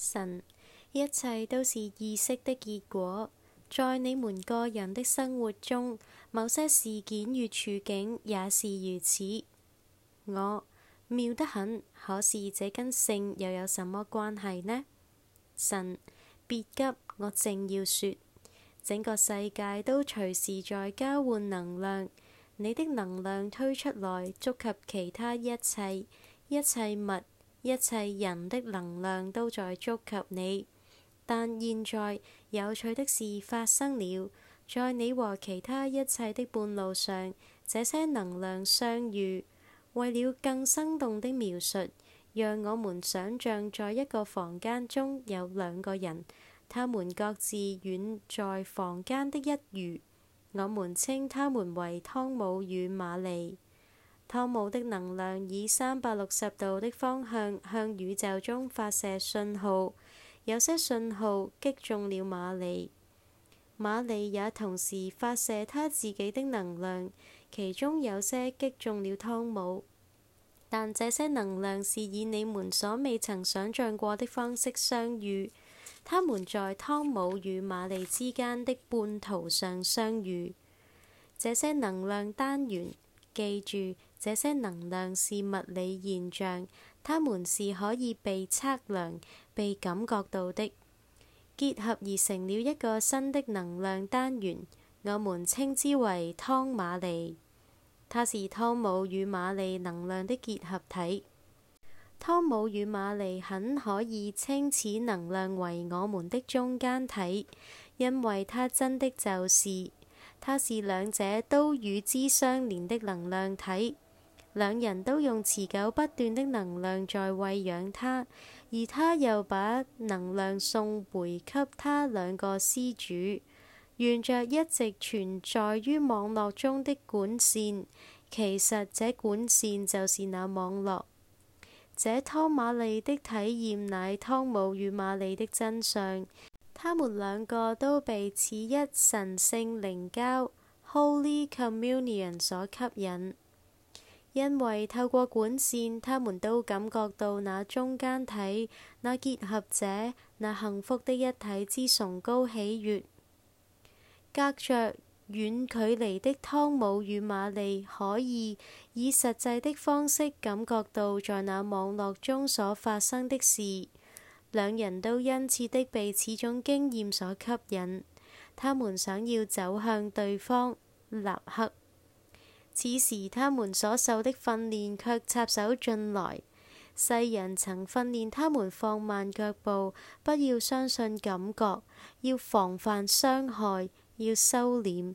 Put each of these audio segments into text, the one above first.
神，一切都是意識的結果，在你們個人的生活中，某些事件與處境也是如此。我妙得很，可是這跟性又有什麼關係呢？神，別急，我正要說，整個世界都隨時在交換能量，你的能量推出來，觸及其他一切，一切物。一切人的能量都在觸及你，但現在有趣的事發生了，在你和其他一切的半路上，這些能量相遇。為了更生動的描述，讓我們想象在一個房間中有兩個人，他們各自遠在房間的一隅，我們稱他們為湯姆與瑪麗。湯姆的能量以三百六十度的方向向宇宙中發射信號，有些信號擊中了瑪麗，瑪麗也同時發射他自己的能量，其中有些擊中了湯姆。但這些能量是以你們所未曾想像過的方式相遇，他們在湯姆與瑪麗之間的半途上相遇。這些能量單元，記住。這些能量是物理現象，它們是可以被測量、被感覺到的。結合而成了一個新的能量單元，我們稱之為湯瑪利。它是湯姆與瑪利能量的結合體。湯姆與瑪利很可以稱此能量為我們的中間體，因為它真的就是，它是兩者都與之相連的能量體。兩人都用持久不斷的能量在餵養他，而他又把能量送回給他兩個施主。沿着一直存在於網絡中的管線，其實這管線就是那網絡。這湯瑪麗的體驗乃湯姆與瑪麗的真相。他們兩個都被此一神性靈交 （Holy Communion） 所吸引。因為透過管線，他們都感覺到那中間體，那結合者、那幸福的一體之崇高喜悦。隔着遠距離的湯姆與瑪麗可以以實際的方式感覺到在那網絡中所發生的事。兩人都因此的被此種經驗所吸引，他們想要走向對方，立刻。此時，他們所受的訓練卻插手進來。世人曾訓練他們放慢腳步，不要相信感覺，要防範傷害，要收斂。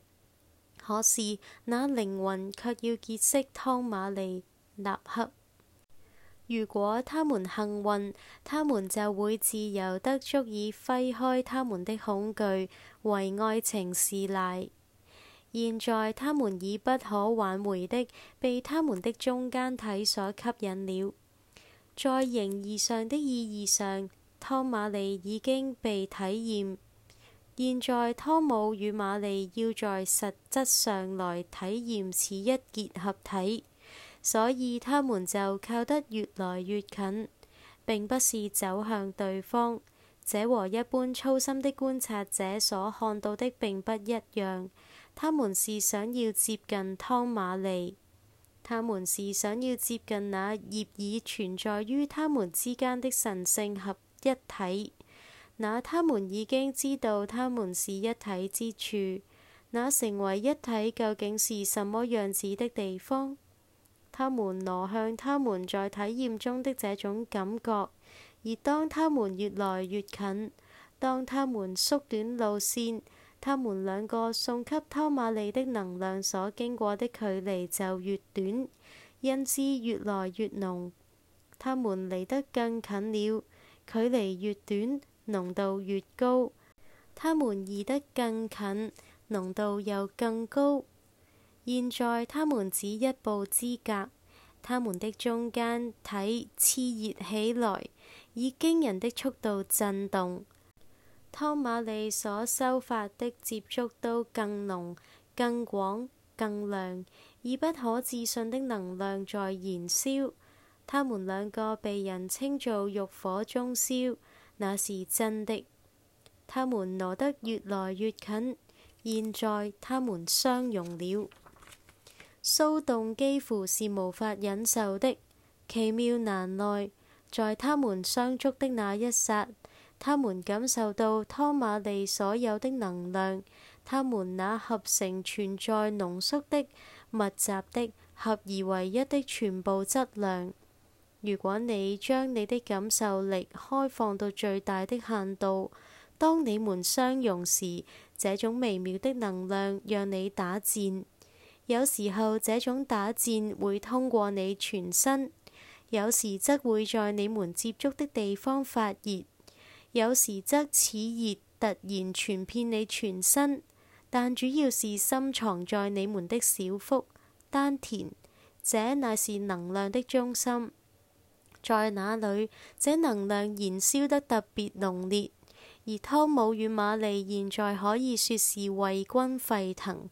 可是那靈魂卻要結識湯瑪利納克。如果他們幸運，他們就會自由得足以揮開他們的恐懼，為愛情示例。現在，他們已不可挽回的被他們的中間體所吸引了，在形而上的意義上，湯瑪利已經被體驗。現在，湯姆與瑪利要在實質上來體驗此一結合體，所以他們就靠得越來越近。並不是走向對方，這和一般粗心的觀察者所看到的並不一樣。他們是想要接近湯瑪利，他們是想要接近那業已存在於他們之間的神性合一體。那他們已經知道他們是一體之處。那成為一體究竟是什麼樣子的地方？他們挪向他們在體驗中的這種感覺，而當他們越來越近，當他們縮短路線，他們兩個送給湯瑪利的能量所經過的距離就越短，因之越來越濃。他們離得更近了，距離越短，濃度越高。他們移得更近，濃度又更高。現在他們只一步之隔，他們的中間體熾熱起來，以驚人的速度震動。湯瑪利所修發的接觸都更濃、更廣、更亮，以不可置信的能量在燃燒。他們兩個被人稱做欲火中燒，那是真的。他們挪得越來越近，現在他們相融了。騷動幾乎是無法忍受的，奇妙難耐，在他們相觸的那一刹。他們感受到湯瑪利所有的能量，他們那合成存在、濃縮的、密集的、合而為一的全部質量。如果你將你的感受力開放到最大的限度，當你們相融時，這種微妙的能量讓你打戰。有時候這種打戰會通過你全身，有時則會在你們接觸的地方發熱。有時則似熱突然傳遍你全身，但主要是深藏在你們的小腹丹田，這乃是能量的中心，在那裏這能量燃燒得特別濃烈。而湯姆與瑪麗現在可以說是為君沸騰。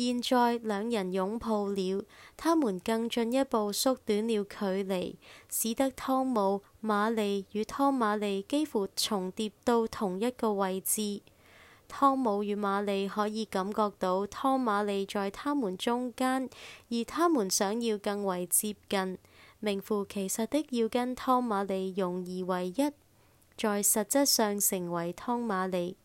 現在兩人擁抱了，他們更進一步縮短了距離，使得湯姆、瑪麗與湯瑪麗幾乎重疊到同一個位置。湯姆與瑪麗可以感覺到湯瑪麗在他們中間，而他們想要更為接近，名副其實的要跟湯瑪麗融而為一，在實質上成為湯瑪麗。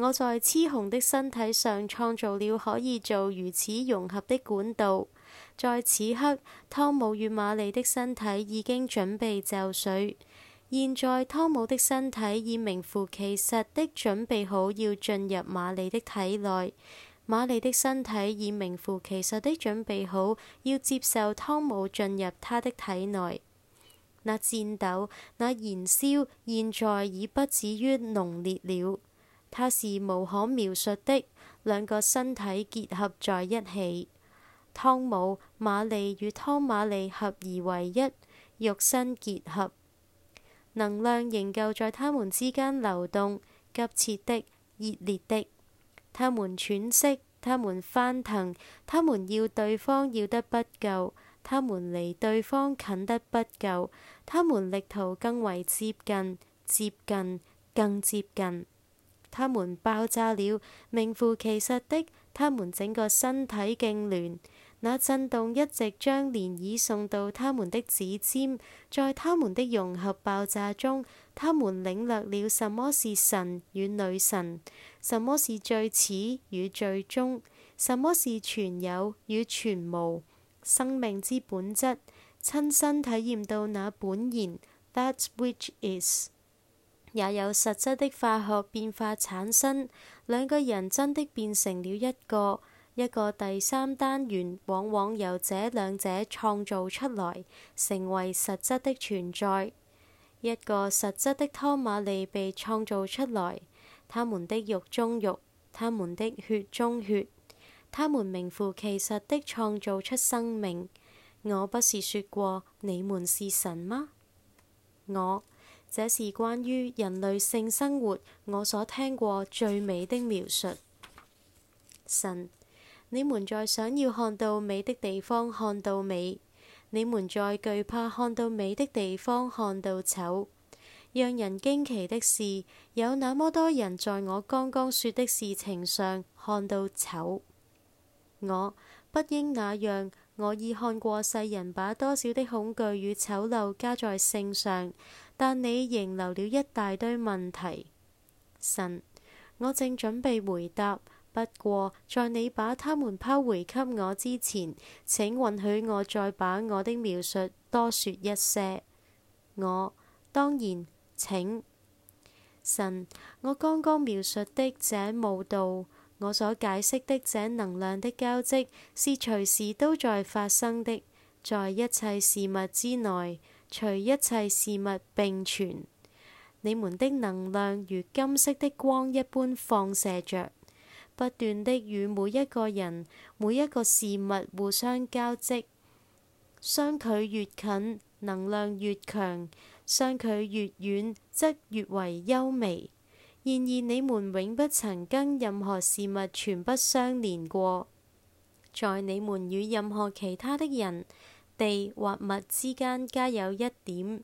我在雌雄的身體上創造了可以做如此融合的管道。在此刻，湯姆與瑪麗的身體已經準備就緒。現在，湯姆的身體已名副其實的準備好要進入瑪麗的體內，瑪麗的身體已名副其實的準備好要接受湯姆進入她的體內。那顫抖，那燃燒，現在已不止於濃烈了。它是無可描述的，兩個身體結合在一起，湯姆、瑪麗與湯瑪利合而為一，肉身結合，能量仍舊在他們之間流動。急切的、熱烈的。他們喘息，他們翻騰，他們要對方要得不夠，他們離對方近得不夠，他們力圖更為接近，接近，更接近。他們爆炸了，名副其實的。他們整個身體痙攣，那震動一直將漣漪送到他們的指尖。在他們的融合爆炸中，他們領略了什麼是神與女神，什麼是最始與最終，什麼是全有與全無，生命之本質，親身體驗到那本然。That which is。也有實質的化學變化產生，兩個人真的變成了一個一個第三單元，往往由這兩者創造出來，成為實質的存在。一個實質的托馬利被創造出來，他們的肉中肉，他們的血中血，他們名副其實的創造出生命。我不是說過你們是神嗎？我。這是關於人類性生活我所聽過最美的描述。神，你們在想要看到美的地方看到美，你們在懼怕看到美的地方看到醜。讓人驚奇的是，有那麼多人在我剛剛說的事情上看到醜。我不應那樣，我已看過世人把多少的恐懼與醜陋加在性上。但你仍留了一大堆問題。神，我正準備回答，不過在你把他們拋回給我之前，請允許我再把我的描述多說一些。我當然請。神，我剛剛描述的這舞蹈，我所解釋的這能量的交織，是隨時都在發生的，在一切事物之內。隨一切事物並存，你們的能量如金色的光一般放射着，不斷地與每一個人、每一個事物互相交織。相距越近，能量越強；相距越遠，則越為幽微。然而，你們永不曾跟任何事物全不相連過，在你們與任何其他的人。地或物之間皆有一點，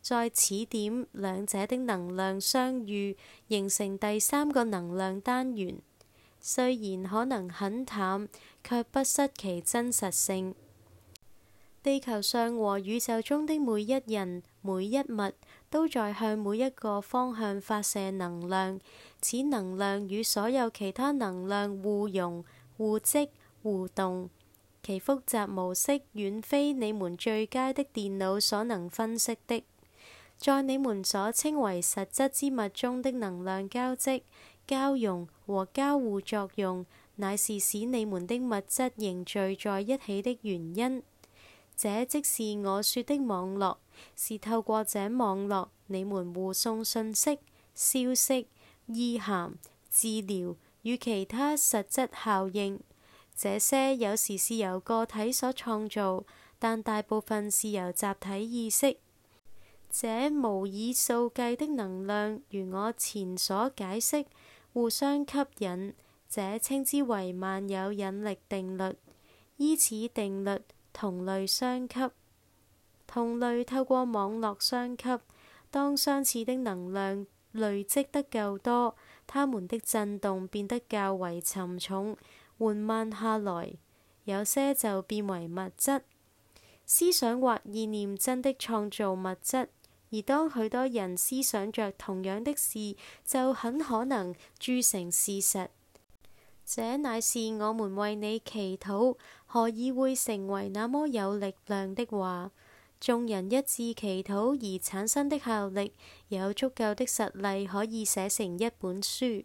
在此點兩者的能量相遇，形成第三個能量單元。雖然可能很淡，卻不失其真實性。地球上和宇宙中的每一人、每一物，都在向每一個方向發射能量，此能量與所有其他能量互融、互積、互動。其複雜模式遠非你們最佳的電腦所能分析的。在你們所稱為實質之物中的能量交織、交融和交互作用，乃是使你們的物質凝聚在一起的原因。這即是我說的網絡，是透過這網絡，你們互送信息、消息、意涵、治療與其他實質效應。這些有時是由個體所創造，但大部分是由集體意識。這無以數計的能量，如我前所解釋，互相吸引，這稱之為萬有引力定律。依此定律，同類相吸，同類透過網絡相吸。當相似的能量累積得夠多，它們的震動變得較為沉重。緩慢下來，有些就變為物質。思想或意念真的創造物質，而當許多人思想着同樣的事，就很可能鑄成事實。這乃是我們為你祈禱，何以會成為那麼有力量的話？眾人一致祈禱而產生的效力，有足夠的實例可以寫成一本書。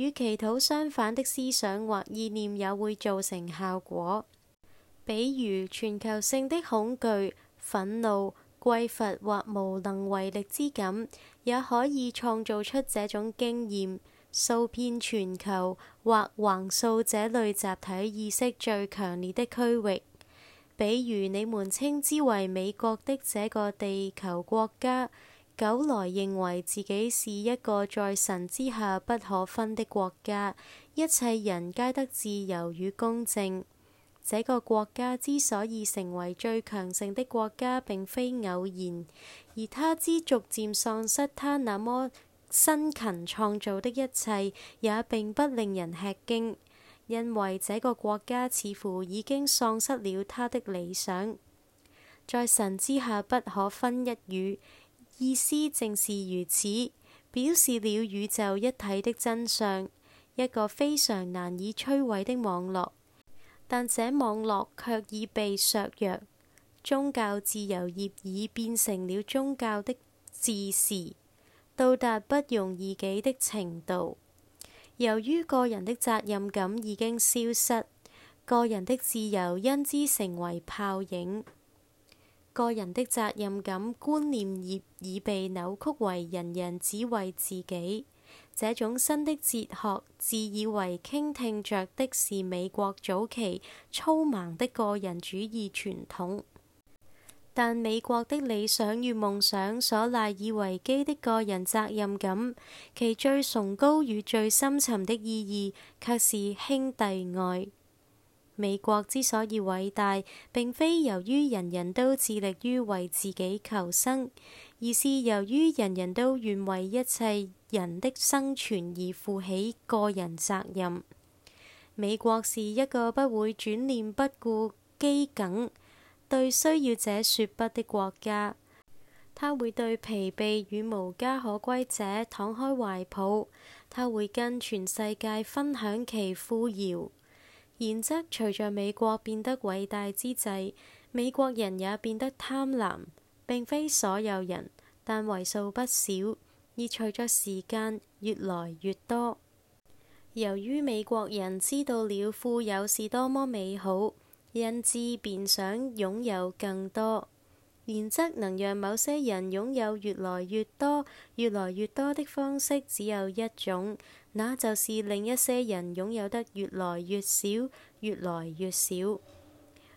與祈禱相反的思想或意念也會造成效果，比如全球性的恐懼、憤怒、匱乏或無能為力之感，也可以創造出這種經驗。數遍全球或橫掃這類集體意識最強烈的區域，比如你們稱之為美國的這個地球國家。久來認為自己是一個在神之下不可分的國家，一切人皆得自由與公正。這個國家之所以成為最強盛的國家，並非偶然，而他之逐漸喪失他那麼辛勤創造的一切，也並不令人吃驚，因為這個國家似乎已經喪失了他的理想，在神之下不可分一語。意思正是如此，表示了宇宙一體的真相，一個非常難以摧毀的網絡。但這網絡卻已被削弱，宗教自由業已變成了宗教的自事，到達不容異己的程度。由於個人的責任感已經消失，個人的自由因之成為泡影。個人的責任感觀念業已被扭曲為人人只為自己。這種新的哲學自以為傾聽着的是美國早期粗蠻的個人主義傳統，但美國的理想與夢想所賴以為基的個人責任感，其最崇高與最深沉的意義，卻是兄弟愛。美國之所以偉大，並非由於人人都致力於為自己求生，而是由於人人都願為一切人的生存而負起個人責任。美國是一個不會轉念、不顧饑梗、對需要者説不的國家。他會對疲憊與無家可歸者敞開懷抱，他會跟全世界分享其富饒。然則，隨着美國變得偉大之際，美國人也變得貪婪。並非所有人，但為數不少。而隨着時間越來越多，由於美國人知道了富有是多麼美好，因此便想擁有更多。然則，能讓某些人擁有越來越多、越來越多的方式只有一種。那就是另一些人擁有得越來越少，越來越少。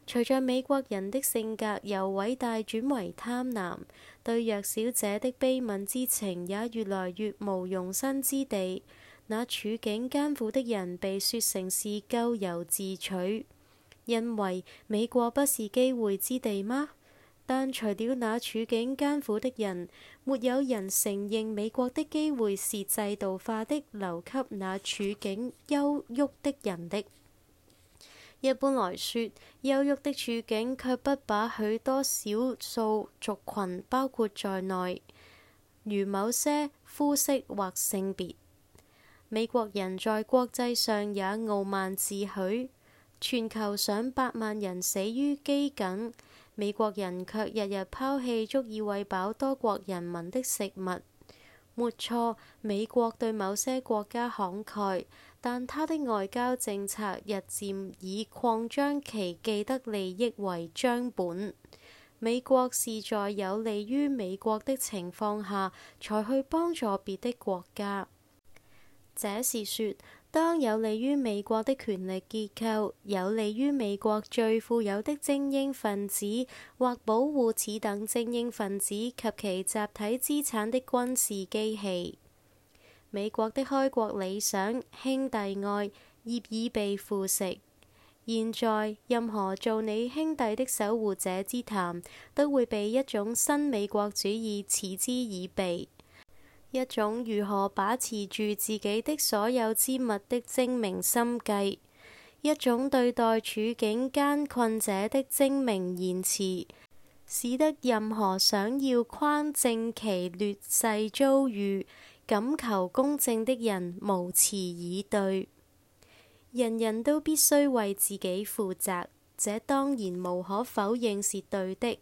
隨着美國人的性格由偉大轉為貪婪，對弱小者的悲憫之情也越來越無容身之地。那處境艱苦的人被說成是咎由自取，因為美國不是機會之地嗎？但除了那處境艱苦的人。沒有人承認美國的機會是制度化的留給那處境優渥的人的。一般來說，優渥的處境卻不把許多少數族群包括在內，如某些膚色或性別。美國人在國際上也傲慢自許。全球上百萬人死於饑饉。美國人卻日日拋棄足以餵飽多國人民的食物。沒錯，美國對某些國家慷慨，但他的外交政策日漸以擴張其既得利益為張本。美國是在有利於美國的情況下才去幫助別的國家。這是說，當有利於美國的權力結構，有利於美國最富有的精英分子，或保護此等精英分子及其集體資產的軍事機器。美國的開國理想、兄弟愛業已被腐蝕。現在，任何做你兄弟的守護者之談，都會被一種新美國主義嗤之以鼻。一種如何把持住自己的所有之物的精明心計，一種對待處境艱困者的精明言辭，使得任何想要匡正其劣勢遭遇、感求公正的人無辭以對，人人都必須為自己負責，這當然無可否認是對的，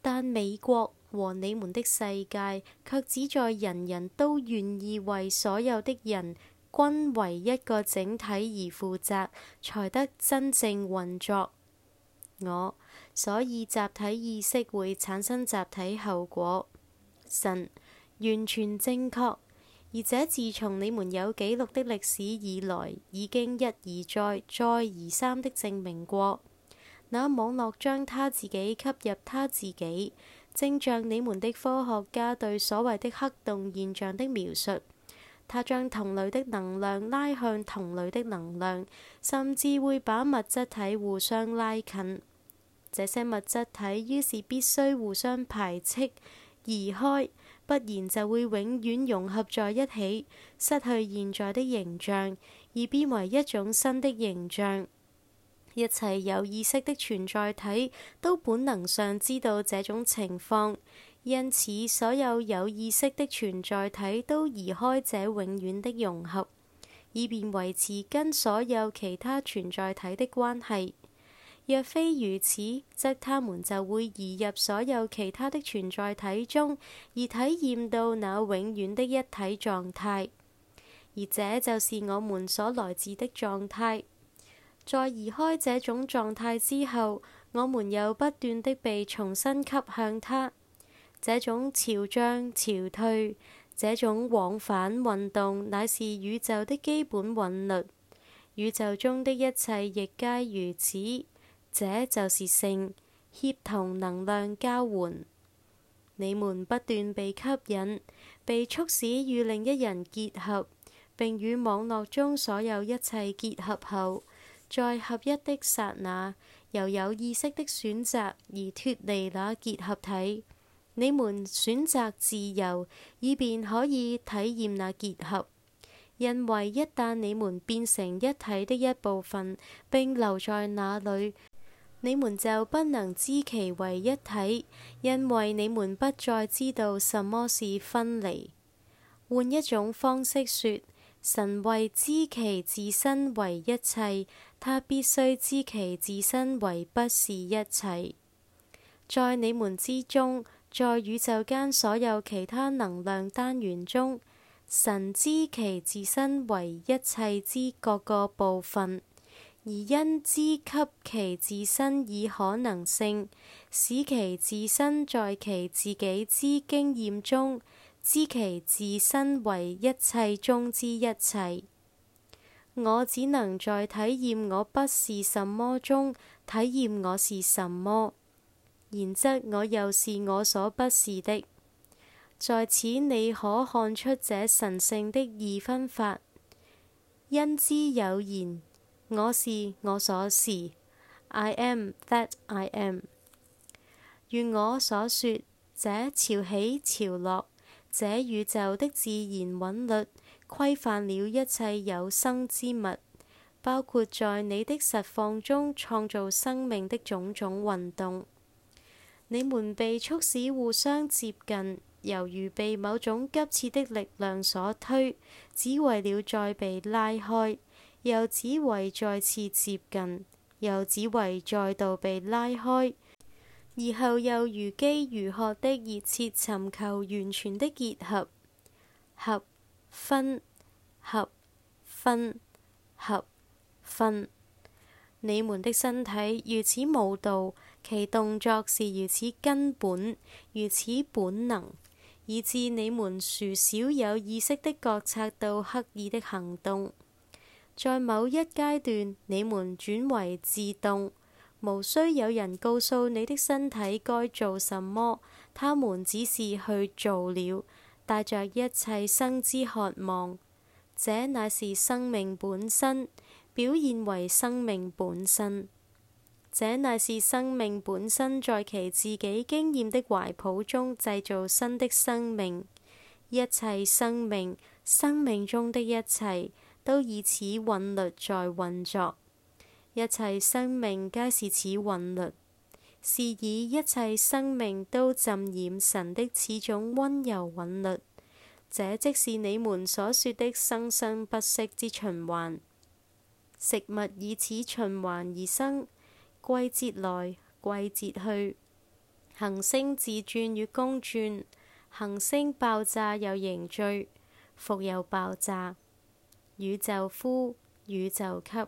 但美國和你們的世界，卻只在人人都願意為所有的人均為一個整體而負責，才得真正運作。我，所以集體意識會產生集體後果。神完全正確，而這自從你們有記錄的歷史以來，已經一而再，再而三的證明過。那網絡將他自己吸入他自己。正像你們的科學家對所謂的黑洞現象的描述，他將同類的能量拉向同類的能量，甚至會把物質體互相拉近。這些物質體於是必須互相排斥移開，不然就會永遠融合在一起，失去現在的形象，而變為一種新的形象。一切有意識的存在體都本能上知道這種情況，因此所有有意識的存在體都移開這永遠的融合，以便維持跟所有其他存在體的關係。若非如此，則他們就會移入所有其他的存在體中，而體驗到那永遠的一體狀態。而這就是我們所來自的狀態。在移開這種狀態之後，我們又不斷的被重新吸向它。這種潮漲潮退，這種往返運，運動，乃是宇宙的基本韻律。宇宙中的一切亦皆如此，這就是性協同能量交換。你們不斷被吸引，被促使與另一人結合，並與網絡中所有一切結合後。在合一的剎那，由有意識的選擇而脫離那結合體。你們選擇自由，以便可以體驗那結合。因為一旦你們變成一體的一部分，並留在那裏，你們就不能知其為一體，因為你們不再知道什麼是分離。換一種方式說，神為知其自身為一切。他必須知其自身為不是一切，在你們之中，在宇宙間所有其他能量單元中，神知其自身為一切之各個部分，而因之給其自身以可能性，使其自身在其自己之經驗中，知其自身為一切中之一切。我只能在體驗我不是什麼中體驗我是什麼，然則我又是我所不是的。在此，你可看出這神聖的二分法。因之有言：我是我所是。I am that I am。如我所說，這潮起潮落，這宇宙的自然韻律。規範了一切有生之物，包括在你的實況中創造生命的種種運動。你們被促使互相接近，猶如被某種急切的力量所推，只為了再被拉開，又只為再次接近，又只為再度被拉開，而後又如饑如渴的熱切尋求完全的結合合。分合分合分，你們的身體如此舞蹈，其動作是如此根本、如此本能，以致你們殊少有意識的覺察到刻意的行動。在某一階段，你們轉為自動，無需有人告訴你的身體該做什麼，他們只是去做了。帶着一切生之渴望，這乃是生命本身表現為生命本身。這乃是生命本身在其自己經驗的懷抱中製造新的生命。一切生命，生命中的一切，都以此韻律在運作。一切生命皆是此韻律。是以一切生命都浸染神的此種温柔韻律，這即是你們所說的生生不息之循環。食物以此循環而生，季節來，季節去；行星自轉與公轉，行星爆炸又凝聚，復又爆炸。宇宙呼，宇宙吸。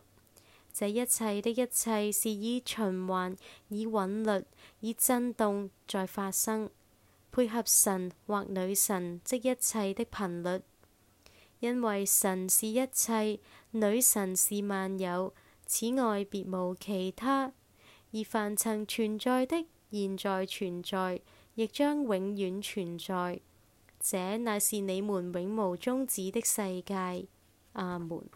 這一切的一切是以循環、以韻律、以振動在發生，配合神或女神即一切的頻率。因為神是一切，女神是萬有，此外別無其他。而凡曾存在的、現在存在，亦將永遠存在。這乃是你們永無終止的世界。阿門。